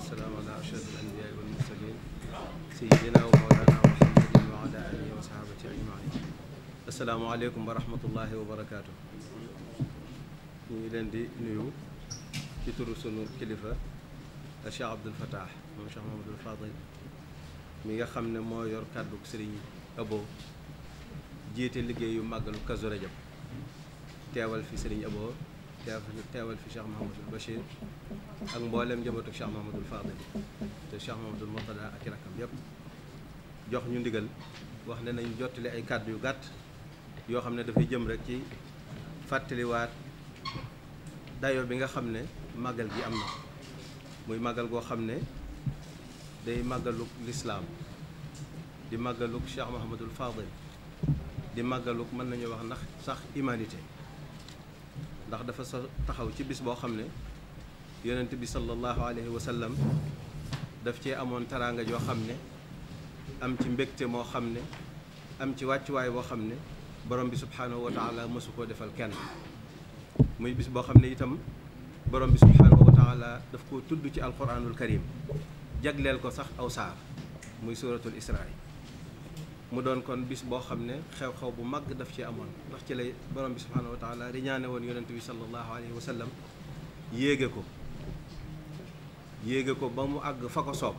salaatu wa salaamu ala ashrafil anbiyaa wal mursaliin sayyidinaa wa mawlaanaa Muhammadin wa alaa aalihi wa sahbihi ajmaiin assalaamu aleykum wa rahmatullaahi wa barakaatuh ñu ngi leen di nuyu ci turu sunu kilifa Cheikh Abdoul Fattah moom Cheikh Mamadou Fadil mi nga xam ne moo yor kàddu Sëriñ Abo jiite liggéeyu màggalu Kazu Rajab teewal fi Sëriñ Abo teew ñu teewal fi Cheikh Mahamadul Bachir ak mboolem njabootu Cheikh Mahamadul Fadil te Cheikh Mahamadul Murtada ak i rakkam yëpp jox ñu ndigal wax ne nañ jottali ay kàddu yu gàtt yoo xam ne dafay jëm rek ci fàttaliwaat dayo bi nga xam ne màggal gi am na muy màggal goo xam ne day màggaluk lislaam di màggaluk Cheikh Mahamadul Fadil di màggaluk mën nañu wax ndax sax humanité ndax dafa so taxaw ci bis boo xam ne yonent bi sallallahu alayhi wa sallam daf cee amoon teraanga joo xam ne am ci mbégte moo xam ne am ci wàccuwaay boo xam ne borom bi subhaanahu wa taala mësu koo defal kenn muy bis boo xam ne itam borom bi subhaanahu wa taala daf koo tudd ci alquranul karim jagleel ko sax aw saar muy suratul israa mu doon kon bis boo xam ne xew-xew bu mag daf ci amoon ndax ci lay borom bi subhaanahu wa taala riñaane woon yonent bi sallallahu alayhi wa sallam yéege ko yéege ko ba mu àgg fa ko soob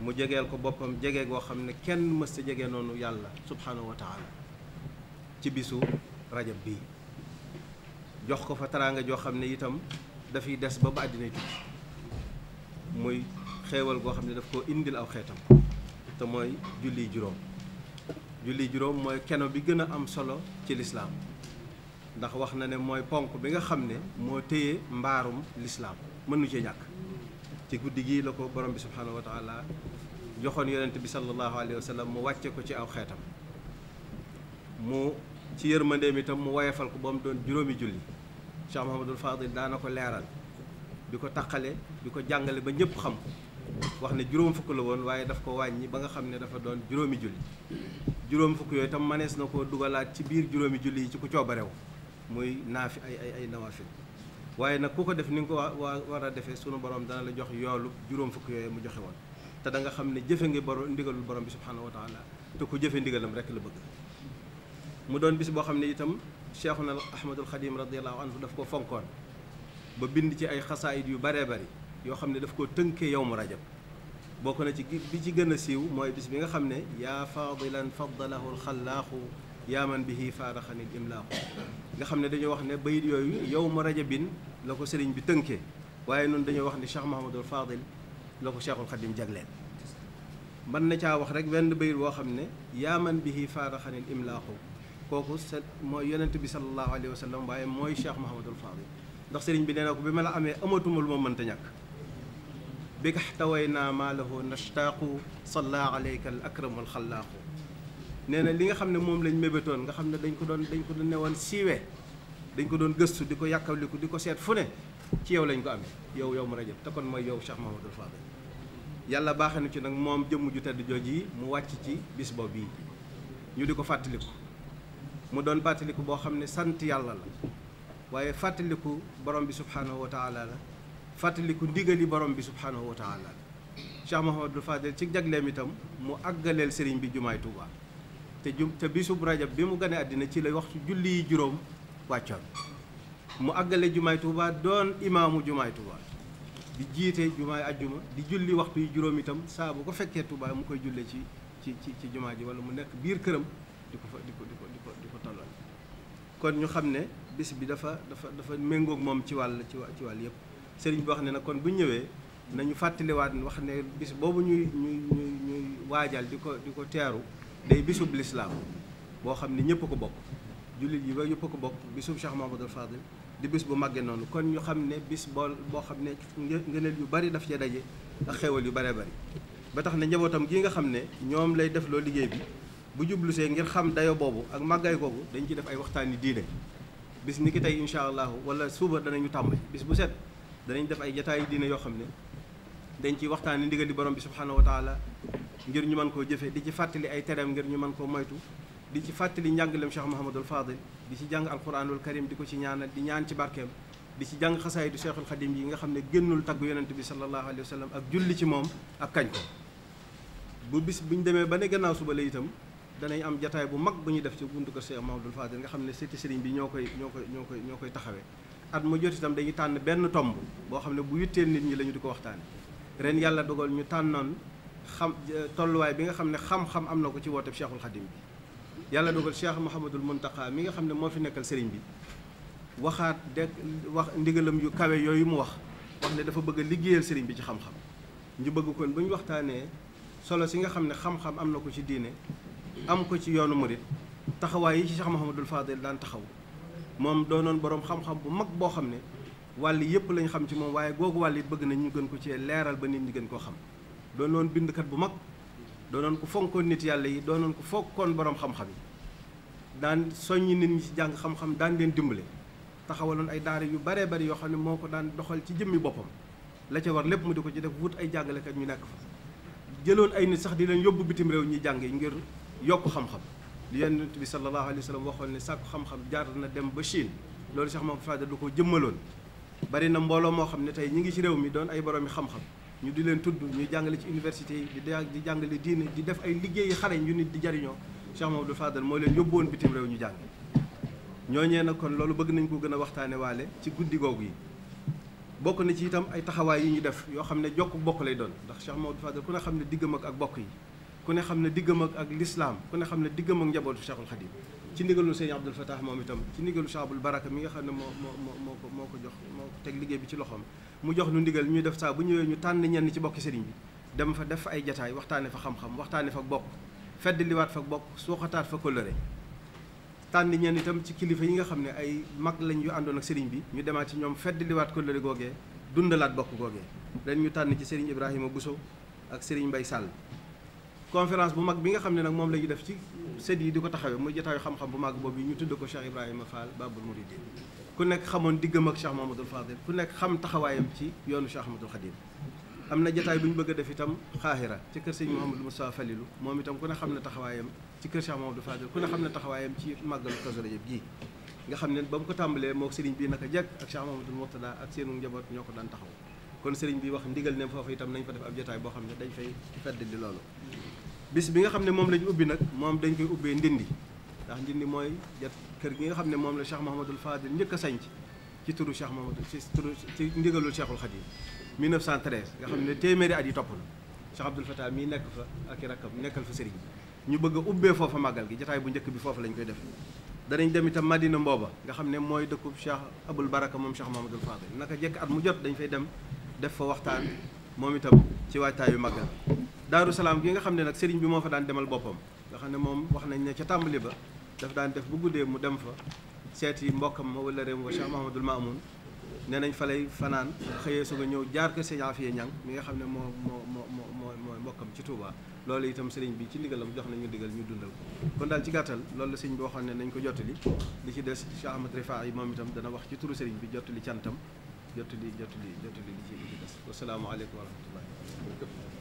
mu jegeel ko boppam jege goo xam ne kenn mës ta jege noonu yàlla subhaanahu wa taala ci bisu rajab bi jox ko fa taraanga joo xam ne itam dafiy des ba ba àddinay tukki muy xéewal goo xam ne daf koo indil aw xeetam te mooy julli juróom julli juróom mooy keno bi gën a am solo ci lislaam ndax wax na ne mooy ponk bi nga xam ne moo téye mbaarum lislaam mënu ci ñàkk ci guddi gii la ko borom bi subhaanahu wa joxoon yonent bi sallallahu alayhi wa mu wàcce ko ci aw xeetam mu ci yërmandeem itam mu woyefal ko ba mu doon juróomi julli Cheikh Mouhamadul Fadil daana ko leeral di ko taqale di ko jàngale ba ñëpp xam ko wax ne juróom fukk la woon waaye daf ko wàññi ba nga xam ne dafa doon juróomi julli juróom fukk yooyu tam manees na ko dugalaat ci biir juróomi julli yi ci ku coobarew muy naafi ay ay ay nawaafil waaye nag ku ko def ni nga ko waa war a defee sunu borom dana la jox yoolu juróom fukk yooyu mu joxe woon te danga nga xam ne jëfe ngi borom ndigalul borom bi subhaanahu wa taala te ku jëfe ndigalam rek la bëgg mu doon bis boo xam ne itam cheikhuna ahmadul xadim radiallahu anhu daf ko fonkoon ba bind ci ay xasaayid yu baree bari yoo xam ne daf ko tënkee yow mu rajab bokk na ci bi ci gën a siiw mooy bis bi nga xam ne yaa faadilan faddalahu alxallaaxu yaa man bihi faaraxani imlaaxu nga xam ne dañoo wax ne bayit yooyu yow mu rajabin la ko sëriñ bi tënkee waaye noonu dañoo wax ne Cheikh Mahamadul Fadil loo ko Cheikhul Xadim jagleel mën na caa wax rek wenn bayit woo xam ne yaa man bihi faaraxani imlaaxu kooku set mooy yonent bi sallallahu alayhi wa sallam waaye mooy Cheikh Mahamadul Fadil ndax sëriñ bi nee na ko bi ma la amee amatuma lu ma mënta ñàkk bi nga taway naa maalahu nashtaqu salla alayka al akramu al xallaaqu nee na li nga xam ne moom lañ mébétoon nga xam ne dañ ko doon dañ ko doon ne woon siiwee dañ ko doon gëstu di ko yàkkaliku di ko seet fu ne ci yow lañ ko amee yow yow mu rajab te kon mooy yow Cheikh Mahamadul Fadil yàlla baaxee na ci nag moom jëmm ju tedd jooj yi mu wàcc ci bis boobu bii ñu di ko fàttaliku mu doon fàttaliku boo xam ne sant yàlla la waaye fàttaliku borom bi subhaanahu wa taala la fàttaliku ndigali borom bi subhaanahu wa taala Cheikh Mahamadou ci jagleem itam mu àggaleel sëriñ bi jumaay Touba te ju te bisub rajab bi mu gane àddina ci la waxtu julli yi juróom wàccoon mu àggale jumaay Touba doon imaamu jumaay Touba di jiite jumaay ajjuma di julli waxtu yi juróom itam saa bu ko fekkee Touba mu koy julle ci ci ci ci jumaa ji wala mu nekk biir këram di ko fa di ko di ko di ko di kon ñu xam ne bis bi dafa dafa dafa méngoog moom ci wàll ci wàll yëpp sëriñ bi wax ne na kon bu ñëwee nañu fàttaliwaat wax ne bis boobu ñuy ñuy ñuy ñuy waajal di ko di ko teeru day bisub lislaam boo xam ne ñëpp ko bokk jullit yi ba yëpp ko bokk bisu bisub Cheikh Mamadou Fadil di bis bu màggee noonu kon ñu xam ne bis boo boo xam ne ngëneel yu bari daf ca daje ak xewal yu baree bari ba tax ne njabootam gi nga xam ne ñoom lay def loo liggéey bi bu jublusee ngir xam dayo boobu ak màggaay googu dañ ci def ay waxtaani diine bis ni ki tey incha allahu wala suba danañu tàmbali bis bu set danañ def ay jataayu diine yoo xam ne dañ ci waxtaani ndigal di borom bi subhanahu wa taala ngir ñu mën koo jëfe di ci fàttali ay tereem ngir ñu man koo moytu di ci fàttali njàngaleem Cheikh Mouhamadul Fadil di ci jàng alquranul karim di ko ci ñaanal di ñaan ci barkeem di ci jàng xasaayidu Cheikhul Xadim yi nga xam ne génnul tagg yonent bi sallallahu alayhi wa sallam ak julli ci moom ak kañ ko bu bis bu ñu demee ba ne gannaaw suba la itam danañ am jataay bu mag bu ñuy def ci buntu ko Cheikh Mouhamadul Fadil nga xam ne seeti sëriñ bi ñoo koy ñoo koy ñoo koy ñoo koy taxawee at mu jot itam dañu tànn benn tomb boo xam ne bu yitteel nit ñi la ñu di ko waxtaane ren yàlla dogal ñu tànnoon xam tolluwaay bi nga xam ne xam-xam am na ko ci wooteb cheikhul xadim bi yàlla dogal cheikh Mouhamadul Mountakha mi nga xam ne moo fi nekkal sëriñ bi waxaat de wax ndigalam yu kawe yooyu mu wax wax dafa bëgg a liggéeyal sëriñ bi ci xam ñu bëgg kon bu waxtaanee solo si nga xam ne xam am na ko ci diine am ko ci yoonu murit taxawaay yi ci cheikh Mouhamadul Fadil daan taxaw moom doonoon boroom xam-xam bu mag boo xam ne wàll yëpp lañ xam ci moom waaye googu wàll it bëgg nañu gën ko cee leeral ba nit ñi gën koo xam doonoon bindkat bu mag doonoon ku fonkoon nit yàlla yi doonoon ku fokkoon boroom xam-xam yi daan soññi nit ñi ci jàng xam-xam daan leen dimbale taxawaloon ay daara yu baree bari yoo xam ne moo ko daan doxal ci jëmmi boppam la ca war lépp mu di ko ci def wut ay jàngalekat ñu nekk fa jëloon ay nit sax di leen yóbbu bitim réew ñi jàng ngir yokk xam li yonent bi sallallahu alayhi wa sallam waxoon ne sàkku xam-xam jaar na dem ba Chine loolu Cheikh Mouhamadou Fadel du ko jëmmaloon bari na mbooloo moo xam ne tey ñi ngi ci réew mi doon ay boroomi xam-xam ñu di leen tudd ñuy jàngale ci université yi di jàngale diine di def ay liggéeyi xale yu nit di jariñoo Cheikh Mouhamadou Fadel moo leen yóbbuwoon bitim réew ñu jàng ñooñee na kon loolu bëgg nañ ko gën a waxtaane waale ci guddi googu yi bokk na ci itam ay taxawaay yi ñu def yoo xam ne jokk bokk lay doon ndax Cheikh Mouhamadou Fadel ku ne xam ne diggam ak bokk yi ku ne xam ne diggam ak ak lislaam ku ne xam ne diggam ak njabootu Cheikhul Khadim ci ndigalu sëñ Abdul Fatah moom itam ci ndigalu Cheikh Abul Baraka mi nga xam ne moo moo moo ko moo ko jox moo ko teg liggéey bi ci loxoom mu jox nu ndigal ñuy def saa bu ñëwee ñu tànn ñenn ci bokki sëriñ bi dem fa def fa ay jataay waxtaane fa xam-xam waxtaane fa bokk fedd liwaat fa bokk suuxataat fa kóllëre tànn ñenn itam ci kilifa yi nga xam ne ay mag lañuy àndoon ak sëriñ bi ñu demaat ci ñoom fedd liwaat kóllëre googee dundalaat bokk googee ren ñu tànn ci sëriñ Ibrahima Bousso ak sëriñ Mbay Sall conférence bu mag bi nga xam ne nag moom la ñu def ci sët yi di ko taxawee muy jotaayu xam-xam bu mag boobu ñu tudd ko Cheikh Ibrahima Fall Babul Mouridine ku nekk xamoon diggam ak Cheikh Mamadou Fadil nekk xam taxawaayam ci yoonu Cheikh Ahmadou Khadim am na bu ñu bëgg a def itam xaaxira ci kër sëñ Mouhamadou Moussa Falilou moom itam ku ne xam ne taxawaayam ci kër Cheikh Mamadou Fadil ku ne xam ne taxawaayam ci màggalu Kazu Rajab nga xam ne ba mu ko tàmbalee moo sëriñ bi naka jekk ak Cheikh Mamadou Mourtada ak seenu njaboot ñoo ko daan taxaw kon sëriñ bi wax ndigal ne foofu itam nañ fa def ab jotaay boo xam ne dañ fay feddali loolu bis bi nga xam ne moom lañu ubbi nag moom dañ koy ubbee ndindi ndax ndindi mooy jat kër gi nga xam ne moom la Cheikh Mahamadul Fadil njëkk a sanc ci turu Cheikh Mahamadul ci turu ci ndigalul Cheikhul Khadim 1913 nga xam ne téeméeri at yi topp na Cheikh Abdoul mii nekk fa ak i rakkam nekkal fa sëriñ ñu bëgg a ubbee foofa màggal gi jotaay bu njëkk bi foofu lañ koy def danañ dem itam Madina Mbooba nga xam ne mooy dëkkub Cheikh Abul Baraka moom Cheikh Mahamadul Fadil naka jekk at mu jot dañ fay dem def fa waxtaan moom itam ci waajtaayu màggal daaru salaam gi nga xam ne nag sëriñ bi moo fa daan demal boppam nga xam ne moom wax nañ ne ca tàmbali ba daf daan def bu guddee mu dem fa seeti mbokkam ma wala réew ma Cheikh Mahamadul Maamoun nee nañ fa lay fanaan xëyee su nga ñëw jaar ko sëñ Afiye Ñang mi nga xam ne moo moo moo moo mooy mbokkam ci Touba loolu itam sëriñ bi ci ndigalam jox nañu digal ñu dundal ko kon daal ci gàttal loolu la sëriñ bi waxoon ne nañ ko jottali li ci des Cheikh Ahmad Rifa moom itam dana wax ci turu sëriñ bi jottali cantam jottali jottali jottali li ci li ci des wasalaamaaleykum wa rahmatullahi